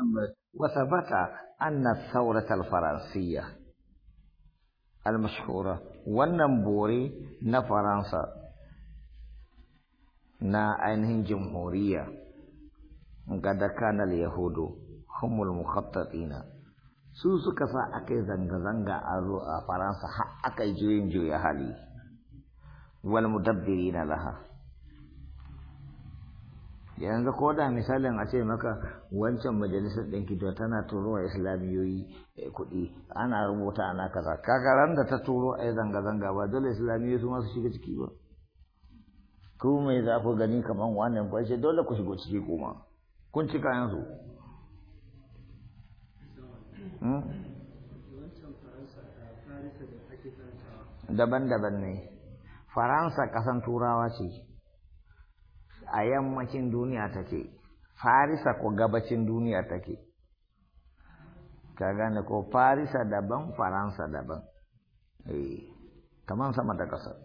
محمد وثبت أن الثورة الفرنسية المشهورة والنمبوري نا فرنسا نا أنهن جمهورية قد كان اليهود هم المخططين سوسو كسا أكي زنغ زنغ أرو فرنسا حق أكي جوين جوي أهلي والمدبرين لها yanzu ko da misalin a ce maka wancan majalisar ɗinki to tana turo wa islamiyoyi eh, kuɗi ana rubuta ana kaza kaga ran da ta turo a zanga-zanga ba dole islamiyoyi su masu shiga ciki ba ku mai za ku gani kamar wannan kwashe dole ku shigo ciki kuma kun ci kayan su hmm? daban-daban ne faransa kasan turawa ce a yammacin duniya take farisa ko gabacin duniya take ka gane ko farisa daban faransa daban eh kaman sama da ƙasa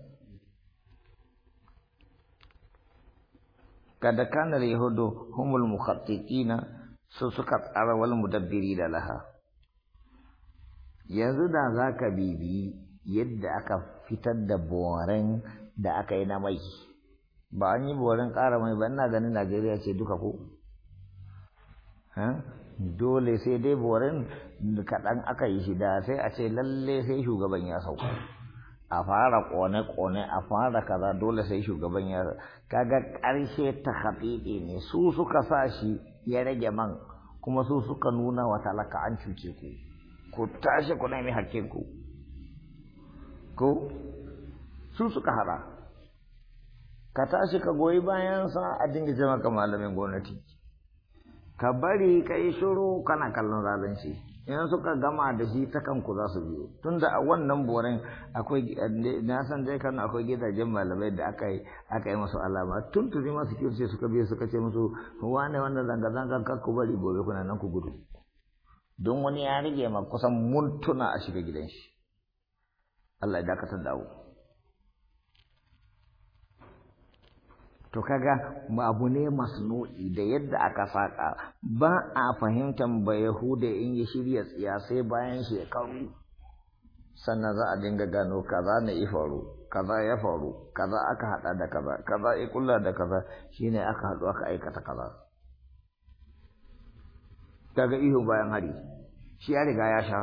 kada kana yahudu humul mukhattitina su suka tsara wal mudabbiri da laha yanzu da za ka bibi yadda aka fitar da boren da aka yi na mai ba an yi borin ƙara mai ba ina ganin najeriya ce duka ko dole sai dai borin kaɗan aka yi shida sai a ce lalle sai shugaban ya sauka a fara ƙone-ƙone a fara kaza dole sai shugaban ya kaga ƙarshe ta haɗiɗe ne su suka sa shi ya rage man kuma su suka nuna wa talaka an cuce ku ku tashi ku nemi hakkin ku su suka haɗa. ka tashi ka goyi bayansa a dinga jama ka malamin gwamnati ka bari ka yi shiru kana kallon zalun shi suka gama da shi ta kanku za su biyo tunda a wannan borin akwai eh, na san dai kan akwai gidajen malamai da aka yi aka yi musu alama tuntuni masu sai suka biyo suka ce musu wane wanda zanga-zanga kanku bari gobe kuna nan ku gudu don wani ya rage ma kusan muntuna a shiga gidan shi Allah ya dakatar da abu to kaga abu ne masnu'i da yadda aka saka ba a fahimtan ba yahuda in ya shirya tsiya sai bayan shekaru sannan za a dinga gano kaza ne ya faru kaza ya faru kaza aka hada da kaza kaza ya kulla da kaza shine aka hadu aka aikata kaza kaga ihu bayan hari shi ya riga ya sha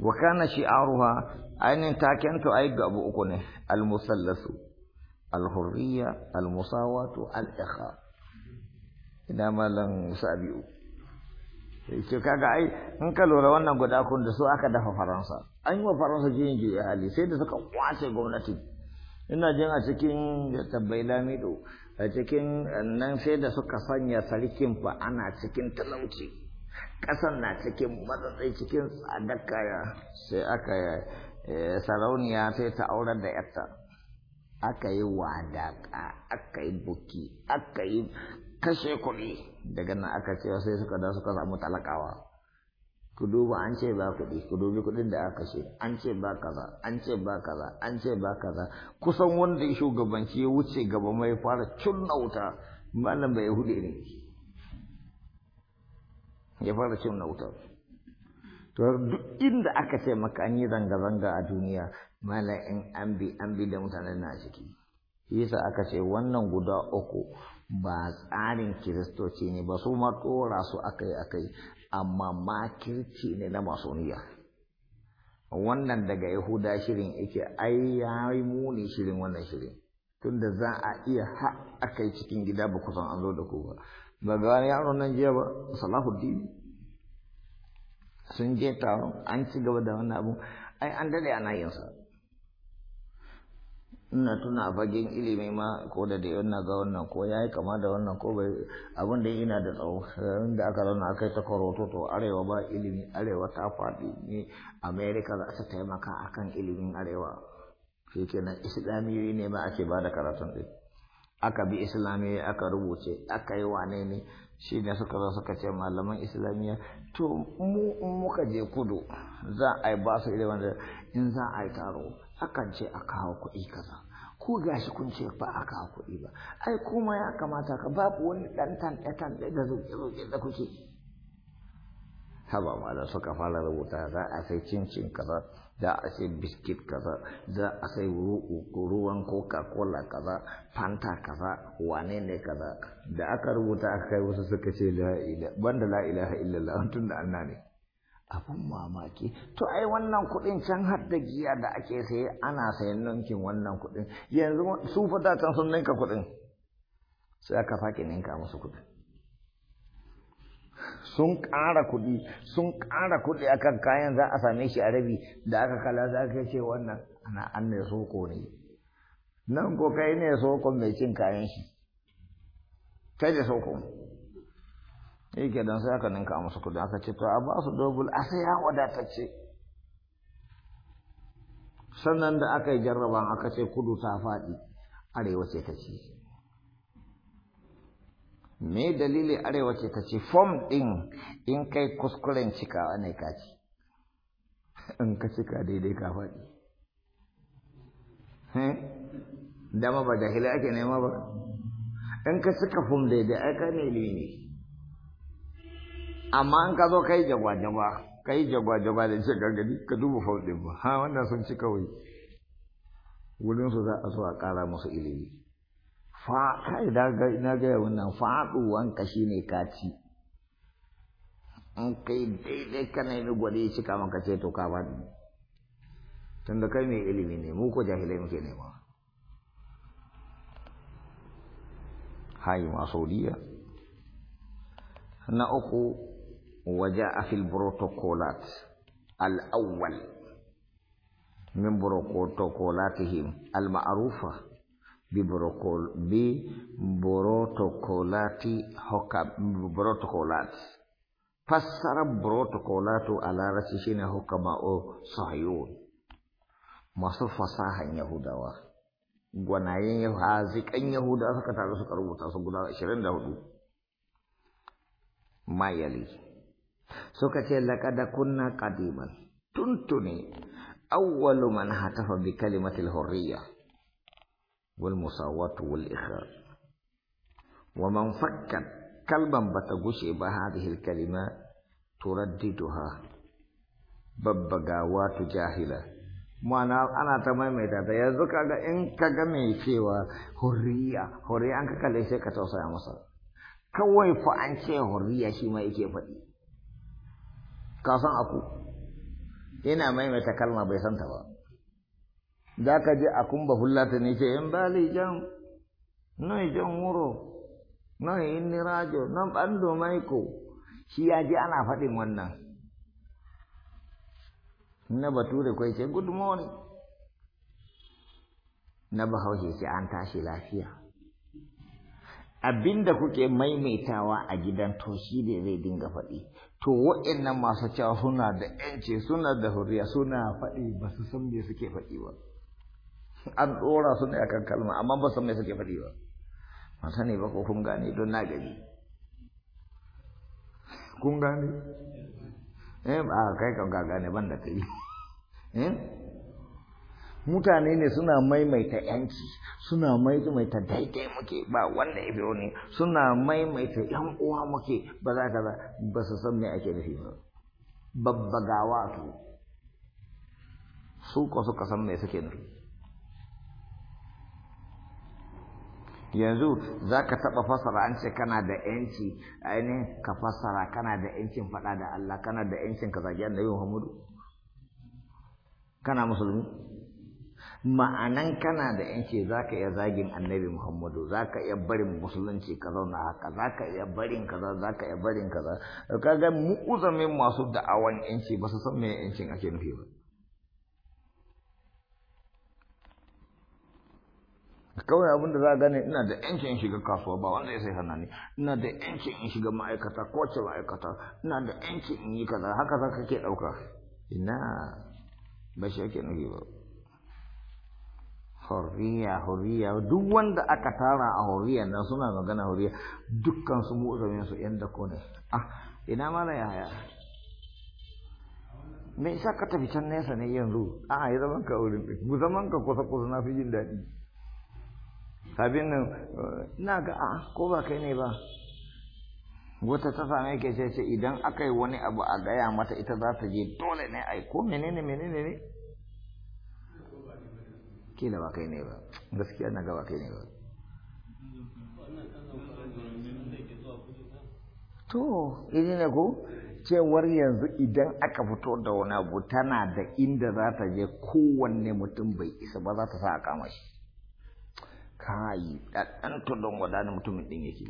wa kana shi'aruha ainin takento ai ga abu uku ne al-musallasu alhurriya almusawatu al-ikha ina malan sabiu ce kaga ai in ka lura wannan guda kun da su aka dafa faransa an yi wa faransa jiyin jiya hali sai da suka kwace gwamnati ina jin a cikin tabbai lamido a cikin nan sai da suka sanya sarkin fa ana cikin talauci ƙasan na cikin matsatsai cikin tsadar kaya sai aka eh, sarauniya sai ta aurar da yarta aka yi wadaƙa aka yi buki aka yi kashe kuɗi daga nan aka cewa sai suka da suka samu talakawa ku duba an ce ba kuɗi ku dubi kuɗin da aka ce. an ce ba kaza an ce ba kaza an ce ba kaza kusan wanda ya shugabanci ya wuce gaba mai fara cunna wuta malam bai hude ne ya fara cunna wuta to duk inda aka ce maka an yi zanga-zanga a duniya mala'in an bi an bi da mutanen na ciki shi yasa aka ce wannan guda uku ba tsarin kiristoci ne ba su ma tsora su akai akai amma makirci ne na masu masoniya wannan daga yahuda shirin yake ai ya yi muni shirin wannan shirin tunda za a iya ha akai cikin gida ba kusan an zo da ku ba ba ga wani yaron nan jiya ba salahuddin sun je taron an ci gaba da wannan abu ai an dade ana yin sa ina tuna a fagen ilimi ma ko da da yana ga wannan ko yayi kama da wannan ko bai abin da ina da tsawo da aka zauna akai ta karoto to arewa ba ilimi arewa ta faɗi ne america za ta taimaka akan ilimin arewa shi kenan islamiyoyi ne ma ake ba da karatun ɗin aka bi islamiyoyi aka rubuce aka yi wane ne shi ne suka zo suka ce malaman islamiyya to mu muka je kudu za a yi ba su ile wanda in za a yi taro akan ce a kawo kuɗi kaza ko gashi kun ce ba a kawo kuɗi ba ai kuma ya kamata ka babu wani ɗan tanɗe-tanɗe da zuke-zuke da kuke haba ma da suka fara rubuta za a sai cincin kaza za a sai biskit kaza za a sai ruwan coca cola kaza fanta kaza wane ne kaza da aka rubuta aka kai wasu suka ce banda la ilaha illallah tun da Allah ne Abin mamaki to ai wannan kuɗin can har da giya da ake saye ana sayan ninkin wannan kuɗin yanzu su fa sun ninka kuɗin sai aka sake ninka musu kuɗin sun ƙara kuɗi sun ƙara kuɗi akan kayan za a same shi a rabi da aka kala za ka ce wannan ana an mai soko ne nan ko kai ne sokon mai cin kayan shi kai da sokon yi ke don sai aka ninka musu kuɗi aka ce to a ba su dogul a sai ya wadatacce sannan da aka yi jarraban aka ce kudu ta faɗi arewa ce ta ce me dalili arewa ce ta ce fom ɗin in kai kuskuren cikawa ne ka ci in ka cika daidai ka faɗi dama ba da hila ake nema ba in ka cika fom daidai ai ka ne ne amma in ka zo kai jagwa-jagwa yi jagwa-jagwa da ce gargadi ka duba fom ɗin ba ha wannan sun ci kawai wurinsu za a so a ƙara musu ilimi fa kai na gaya wannan faɗuwan ka shine ka ci in kai daidai ka nemi gwade cika maka ce to ka ba faɗi tunda kai mai ilimi ne mu ko jahilai muke nema hayi ma saudiya na uku waje a fil protocolat al'awwal min protocolatihim al-ma'rufa bi borotokolati hoka borotokolat fassara borotokolatu a larabci shine hukama'u masu fasahan yahudawa gwanayen haziƙan yahudawa suka taru suka rubuta su guda ashirin da mayali suka ce laƙada kunna ƙadiman tuntune awwalu man hatafa bi kalimatil hurriya والمساواة والإخاء ومن فكت كلبا بتغشي بهذه الكلمة ترددها babbagawa jahila mana ana ta maimaita ta yanzu kaga in kaga mai cewa hurriya hurriya an ka kalle sai ka tausaya masa kawai fa an ce hurriya shi ma yake faɗi ka san aku yana maimaita kalma bai santa ba da ka je a kumba hulata ne ce in bali jan nan jan wuro nan inni rajo nan ɓando ko shi ya je ana faɗin wannan na bature kai ce good morning na bahaushe ce an tashi lafiya abinda kuke maimaitawa a gidan to shi ne zai dinga faɗi to wa'annan masu cewa suna da yanci suna da huriya suna faɗi ba su san me suke faɗi ba an ɗora su ne akan kalma amma ba san me suke fadi ba ba sani ba ko kun gane don na gani kun gane eh ba kai kan gane ban da kai eh mutane ne suna maimaita yanci suna maimaita daidai muke ba wanda ya biyo ne suna maimaita yan uwa muke ba za ka ba ba su san me ake nufi ba babbagawa su su ko suka san me suke nufi yanzu za ka taɓa fasara an ce kana da yanci ainihin ka fasara kana da yancin faɗa da Allah kana da yancin ka zagi annabi Muhammadu kana musulmi ma'anan kana da yanci za ka iya zagin annabi Muhammadu za ka iya barin musulunci ka zauna haka za ka iya barin kaza za ka iya barin kaza kaga mu uzamin masu da'awan yanci ba su san me yancin ake nufi ba kawai abin da za a gane ina da yankin in shiga kasuwa ba wanda ya sai hana ni ina da yankin in shiga ma'aikata ko ce ma'aikata ina da yankin in yi kaza haka za ka ke ɗauka ina ba shi ake nufi ba horiya horiya duk wanda aka tara a horiya nan suna magana horiya dukkan su mu'azamin su yan da ne ah ina mana ya haya me yasa ka tafi can nesa ne yanzu a'a ya zaman ka wurin mu zaman ka kusa kusa na fi jin daɗi abin nan eh, ina ga a ko ba kai ne ba wata ta same ke ce ce idan aka yi wani abu a gaya mata ita za ta je dole ne ai ko menene menene ne kila ba kai ne ba gaskiya na ga ba kai ne ba to idan ne ko cewar yanzu idan aka fito da wani abu tana da inda za ta je kowanne mutum bai isa ba za ta sa a kama shi kayi ɗaɗɗan don wadana mutumin ɗin yake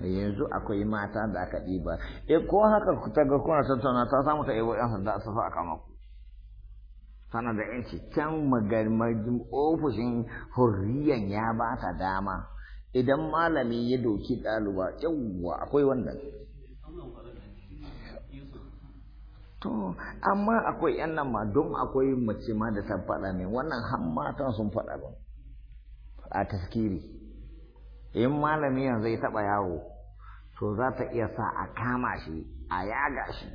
yanzu akwai mata da aka ɗiba e ko haka ku ta ga kuna tattauna ta samu ta ebo yan sanda su a kama ku tana da yanci can magarmajin ofishin hurriyan ya ba ta dama idan malami ya doki ɗaluba yawwa akwai wanda To, amma akwai ‘yan nan ma don akwai mace ma da ta faɗa min wannan matan sun faɗa ba. a taskiri. In malami yanzu ya taɓa yawo, to za ta iya sa a kama shi, a yaga shi,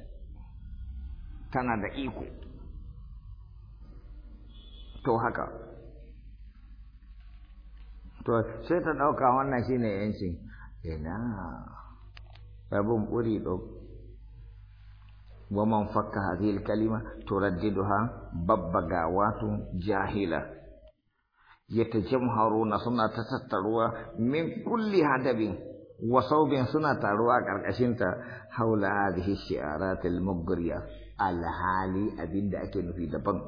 tana da iko. To haka. To, sai ta ɗauka wannan shine ‘yancin, ina, rabin ɓuri ɗauka. ومن فك هذه الكلمة ترددها ببغاوات جاهلة يتجمهرون سنة تتروا من كل هدب وصوب سنة تروا كركشنت حول هذه الشعارات المغرية الحالي أبين أكن في دبن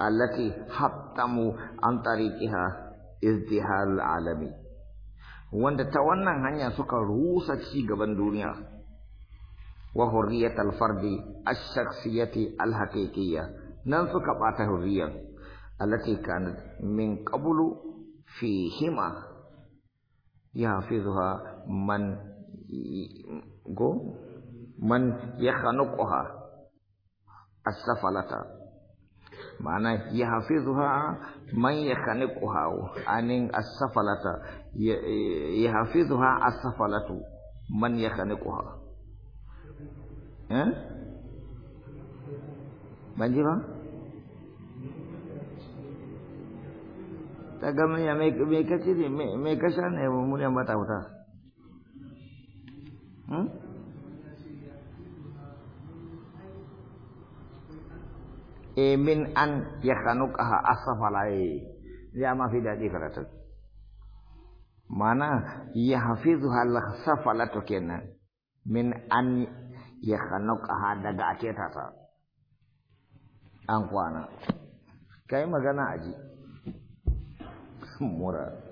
التي حطموا عن طريقها ازدهار العالمي وان تتوانا هنيا سكا روسا تشي دنيا وحرية الفرد الشخصية الحقيقية ننفق بات حرية التي كانت من قبل فيهما يحفظها من من يخنقها السفلة معنى يحفظها من يخنقها عن السفلة يحفظها السفلة من يخنقها Eh? ban ji ba ta gama ya mai kashi ne mai kasha ne mummunan ba ta wuta hmm? e eh, min an ya kanuka asafalaye ya mafi daɗi mana ya hafizu halak safalatu kenan min an ya khanuqaha daga ake ta an kwana kai magana aji mura